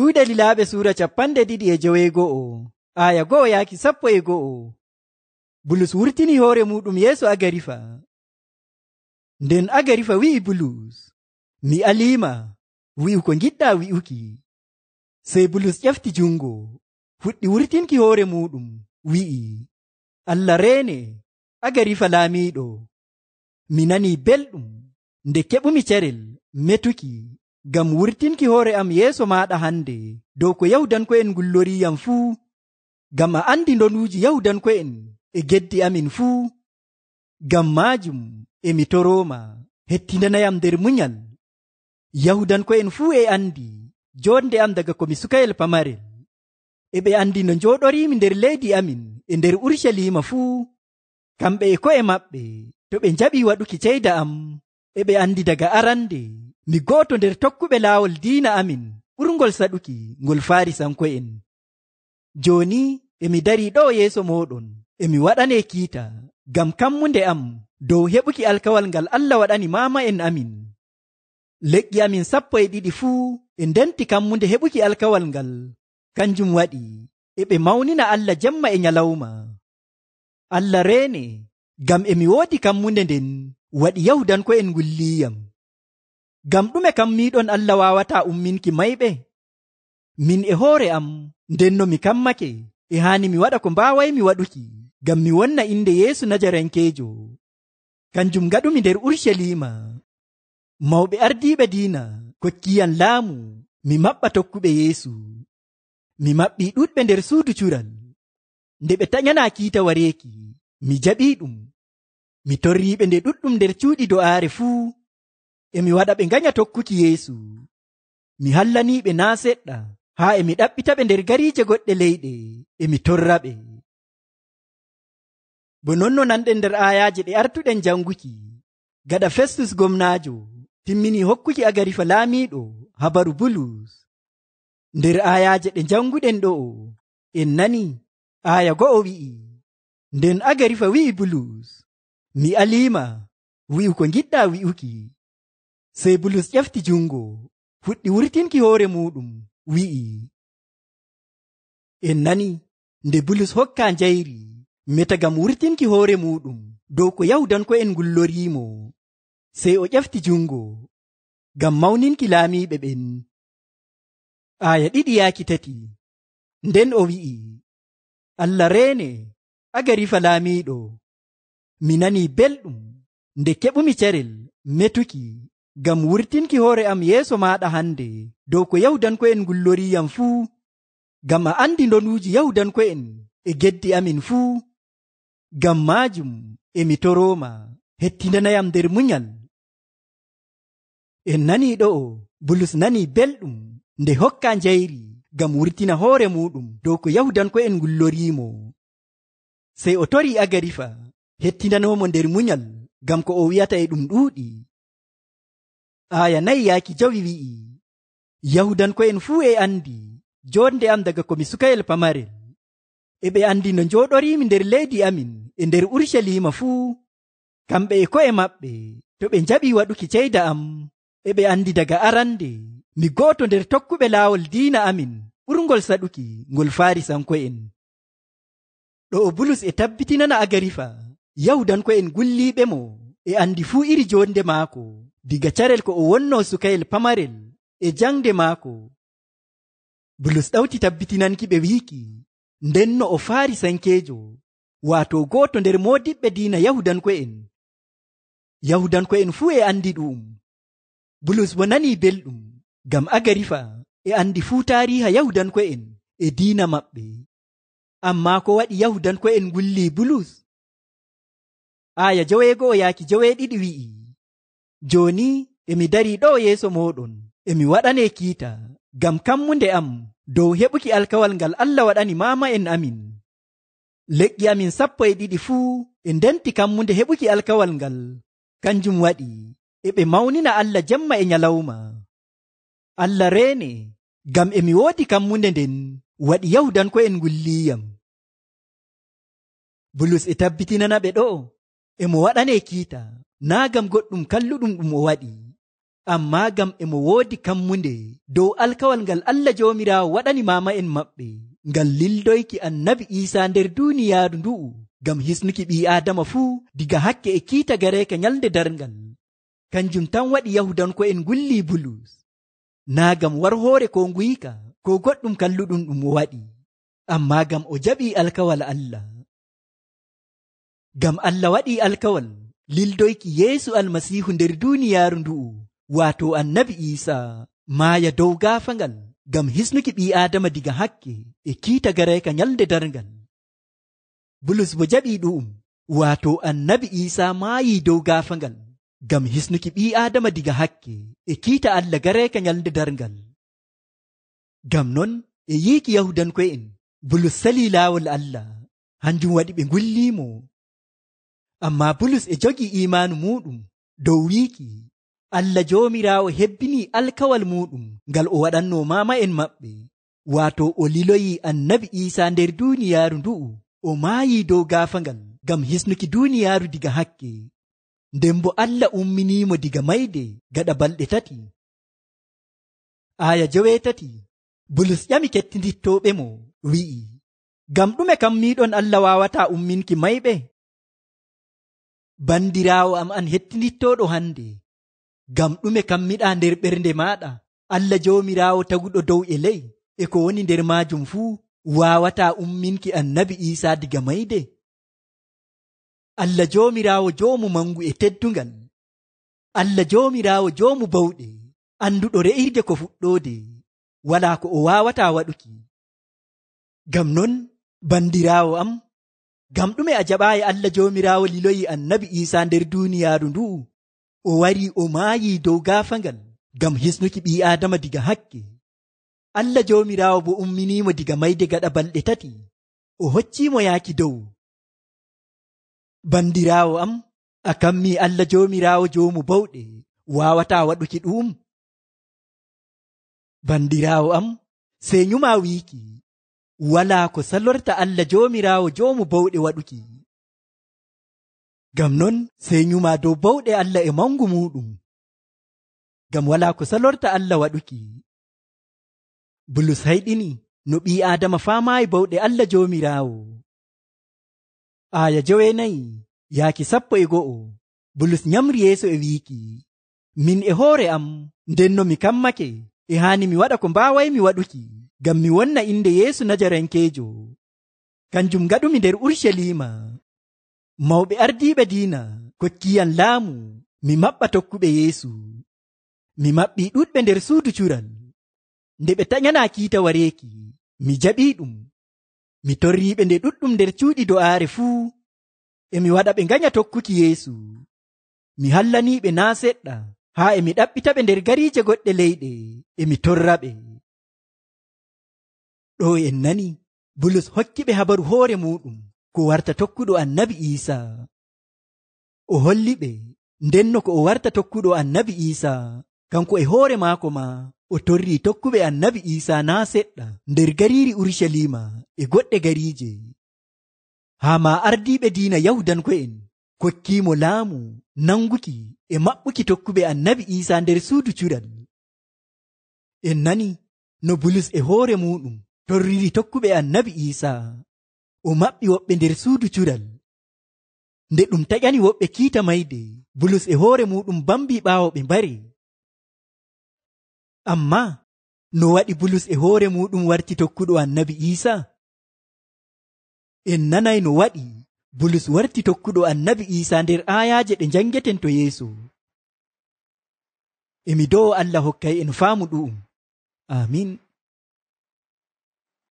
kuuɗe lilaaɓe suura capanɗe ɗiɗi e jowego'o aya go'o yaaki sappo e go'o bulus wurtini hoore muɗum yeeso agarifa nden agarifa wi'i bulus mi aliima wi'u ko giɗɗa wi'uki sey bulus ƴefti junngo fuɗɗi wurtinki hoore muɗum wi'i allah reene agarifa laamiɗo mi nani belɗum nde keɓumi cerel metuki ngam wurtinki hoore am yeeso maaɗa hannde dow ko yahudanko en gullori yam fuu ngam a anndi ndonuuji yahudanko en e geddi amin fuu ngam maajum emi torooma hettindanayam nder munyal yahudanko en fuu e anndi joonde am daga komi sukayel pamarel e ɓe anndi no njooɗoriimi nder leydi amin e nder urushalima fuu kamɓe e ko'e maɓɓe to ɓe njaɓi waɗuki ceyda am eɓe andi daga arande mi goto nder tokkuɓe lawol dina amin ɓurgol saɗuki ngol farisanko en joni emi dari ɗo yeso moɗon emi waɗane kiita gam kammunde am dow heɓuki alkawal ngal allah waɗani mama en amin leƙƙi amin sappo e ɗiɗi fuu e ndenti kammunde heɓuki alkawal ngal kanjum waɗi eɓe maunina allah jemma e nyalawma allah rene gam emi woodi kammunde nden waɗi yahudan ko en gulliyam gam ɗume kam miɗon allah wawata umminki mayɓe min e hoore am nden no mi kammake e hani mi waɗa ko mbaway mi waɗuki gam mi wonna inde yeesu najarenkejo kanjum gaɗumi nder urushalima mawɓe ardiɓe dina kokkiyan laamu mi maɓɓa tokkuɓe yeesu mi maɓɓi ɗuɗɓe nder suudu cural nde ɓe taƴana kiita wareeki mi jaɓi ɗum mi torriɓe nde ɗuɗɗum nder cuuɗi do'aare fuu emi waɗa ɓe ganya tokkuki yeesu mi hallaniɓe naa seɗɗa haa emi ɗaɓɓita ɓe nder gariije goɗɗe leyɗe emi torra ɓe bo nonno nanɗen nder aayaaji ɗe artuɗen janguki gaɗa festus gomnaajo timmini hokkuki agarifa laamiiɗo habaru bulus nder aayaaji ɗe janguɗen ɗo'o en nani aaya go'o wi'i nden agarifa wi'i bulus mi aliima wi'u ko ngiɗɗa wi'uki sey bulus ƴefti junngo fuɗɗi wurtinki hoore muɗum wi'i en nani nde bulus hokka njayri metagam wurtinki hoore muɗum dow ko yahudanko en ngullorimo sey o ƴefti junngo ngam mawninki laamiɓe ɓen aya ɗiɗi yaaki tati nden o wi'i allah reene aga rifa laamiɗo mi nani belɗum nde keɓumi cerel metuki gam wurtinki hoore am yeeso maɗa hannde dow ko yahudanko'en gulloriyam fuu gam a andi ndonuuji yahudanko'en e geddi amin fuu gam maajum emi torooma hettindanayam nder muyal en nani ɗo'o bulus nani belɗum nde hokka njayri gam wurtina hoore muɗum dow ko yahudanko'en gulloriimo sey o tori agarifa hettinanomo nder munyal gam ko o wi'ata e ɗum ɗuuɗi aya nayi yaaki jawi wi'i yahudanko'en fuu e andi jonde am daga komi sukayel pamarel e ɓe andi no njoɗorimi nder leydi amin e nder urushalima fuu kamɓe e ko'e maɓɓe to ɓe njaɓi waɗuki ceyda am e ɓe andi daga arande mi goto nder tokkuɓe laawol diina amin ɓurgol saɗuki ngol farisanko'en ɗo o bulus e tabbitinana agarifa yawdan ko en gulliɓe mo e andi fuu iri jonde maako diga carel ko o wonno sukayel pamarel e jangde maako bulus ɗawti tabbitinanki ɓe wiiki nden no o faari sankejo wato goto nder modiɓɓe diina yahudanko en yahudanko en fuu e andi ɗum bulus bo nani belɗum gam agarifa e andi fuu tariha yahudanko en e diina maɓɓe amma ko waɗi yahudanko en gulli bulus aya joweego'o yaaki joweeɗiɗi wi'i jooni emi darii ɗo yeeso mooɗon emi waɗane kiita ngam kammunde am dow heɓuki alkawal ngal allah waɗani maama en amin leƴƴi amin sappo e ɗiɗi fuu e ndenti kammunde heɓuki alkawal ngal kanjum waɗi e ɓe mawnina allah jemma e nyalawma allah reene ngam emi woodi kammunde nden waɗi yahudanko en ngulliyam bulus e tabbitinana ɓe ɗo emo waɗane kiita naa gam goɗɗum kalluɗum ɗum o waɗi amma gam emo woodi kammunde dow alkawal ngal allah jomirawo waɗani mama en maɓɓe ngal lildoyki annabi isa nder duniyaaru ndu'u gam hisnuki ɓi adama fuu diga hakke e kiita gareka nyalde darngal kanjum tan waɗi yahudanko en gulli bulus naa gam war hoore ko nguyika ko goɗɗum kalluɗum ɗum o waɗi amma gam o jaɓi alkawal allah gam allah waɗi alkawal lildoyki yeesu almasihu nder duniyaaru ndu'u waato annabi iisa maaya dow gaafangal gam hisnuki ɓi aadama diga hakke e kiita gareeka nyalde darngal bulus bo jaɓi ɗu'um waato annabi iisa maayi dow gaafangal gam hisnuki ɓi aadama diga hakke e kiita allah gareeka nyalde darngal gam non e yiiki yahudanko'en bulus sali laawol allah hanjum waɗi ɓe ngullimo amma bulus e jogi imanu muɗum dow wiki allah jomirawo hebbini alkawal muɗum ngal o waɗanno mama en maɓɓe wato o liloyi annabi isa nder duniyaru ndu'u o mayi dow gafangal gam hisnuki duniyaru diga hakke nden bo allah umminimo diga mayde gaɗa balɗe tati aya jowetati bulus ƴami kettidittoɓe mo wi'i gam ɗume kam miɗon allah wawata umminki mayɓe bandirawo am an hettinittoɗo hande gam ɗume kam miɗa nder ɓernde maɗa allah jomirawo taguɗo dow e ley e ko woni nder majum fuu wawata umminki annabi isa diga mayde allah jomirawo jomu mangu e teddugal allah jomirawo jomu bawɗe anduɗo re'irde ko fuɗɗode wala ko o wawata waɗuki gam non bandirawo am gam ɗume a jaɓayi allah jomirawo liloyi annabi isa nder duniyaru ndu o wari o maayi dow gafangal gam hisnuki ɓi adama diga hakke allah jomirawo bo umminimo diga mayde gaɗa balɗe tati o hoccimo yaaki dow bandirawo am a kammi allah jomirawo jomu bawɗe wawata waɗuki ɗum bandirawo am sey nyuma wiiki wala ko sallorta allah jomirawo jomu bawɗe waɗuki gam non sei yuma dow bawɗe allah e mangu muɗum gam wala ko salorta allah waɗuki bulus hayɗini no ɓi adama famayi bawɗe allah jomirawo aya jowenayi yaaki sappo e go'o bulus nyamri yeeso e wiiki min e hoore am nden no mi kammake e hani mi waɗa ko mbaway mi waɗuki gam mi wonna inde yeesu najarenkejo kanjum gaɗumi nder urushalima mawɓe ardiɓe dina kokkiyan laamu mi maɓɓa tokkuɓe yeesu mi maɓɓi ɗuɗɓe nder suudu curan nde ɓe taƴana kiita wareeki mi jaɓi ɗum mi torriɓe nde ɗuɗɗum nder cuuɗi do'aare fuu emi waɗa ɓe ganya tokkuki yeesu mi hallaniɓe naa seɗɗa ha emi ɗaɓɓita ɓe nder garije goɗɗe leyɗe emi torra ɓe ɗo en nani bulus hokki ɓe habaru hoore muɗum ko warta tokkuɗo annabi isa o holli ɓe ndenno ko o warta tokkuɗo annabi isa kanko e hoore maako ma o torri tokkuɓe annabi isa na seɗɗa nder gariri urushalima e goɗɗe garije ha ma ardiɓe diina yahudanko'en kokkimo laamu nanguki e maɓɓuki tokkuɓe annabi isa nder suudu cuɗal en nani no bulus e hoore muɗum torriri tokkuɓe annabi isa o maɓɓi woɓɓe nder suudu cuɗal nde ɗum taƴani woɓɓe kiita mayde bulus e hoore muɗum bambi ɓaawo ɓe mbari amma no waɗi bulus e hoore muɗum warti tokkuɗo annabi isa en nanay no waɗi bulus warti tokkuɗo annabi isa nder ayaje ɗe jangeten to yeeso emi dow allah hokkay en faamu ɗu'um amin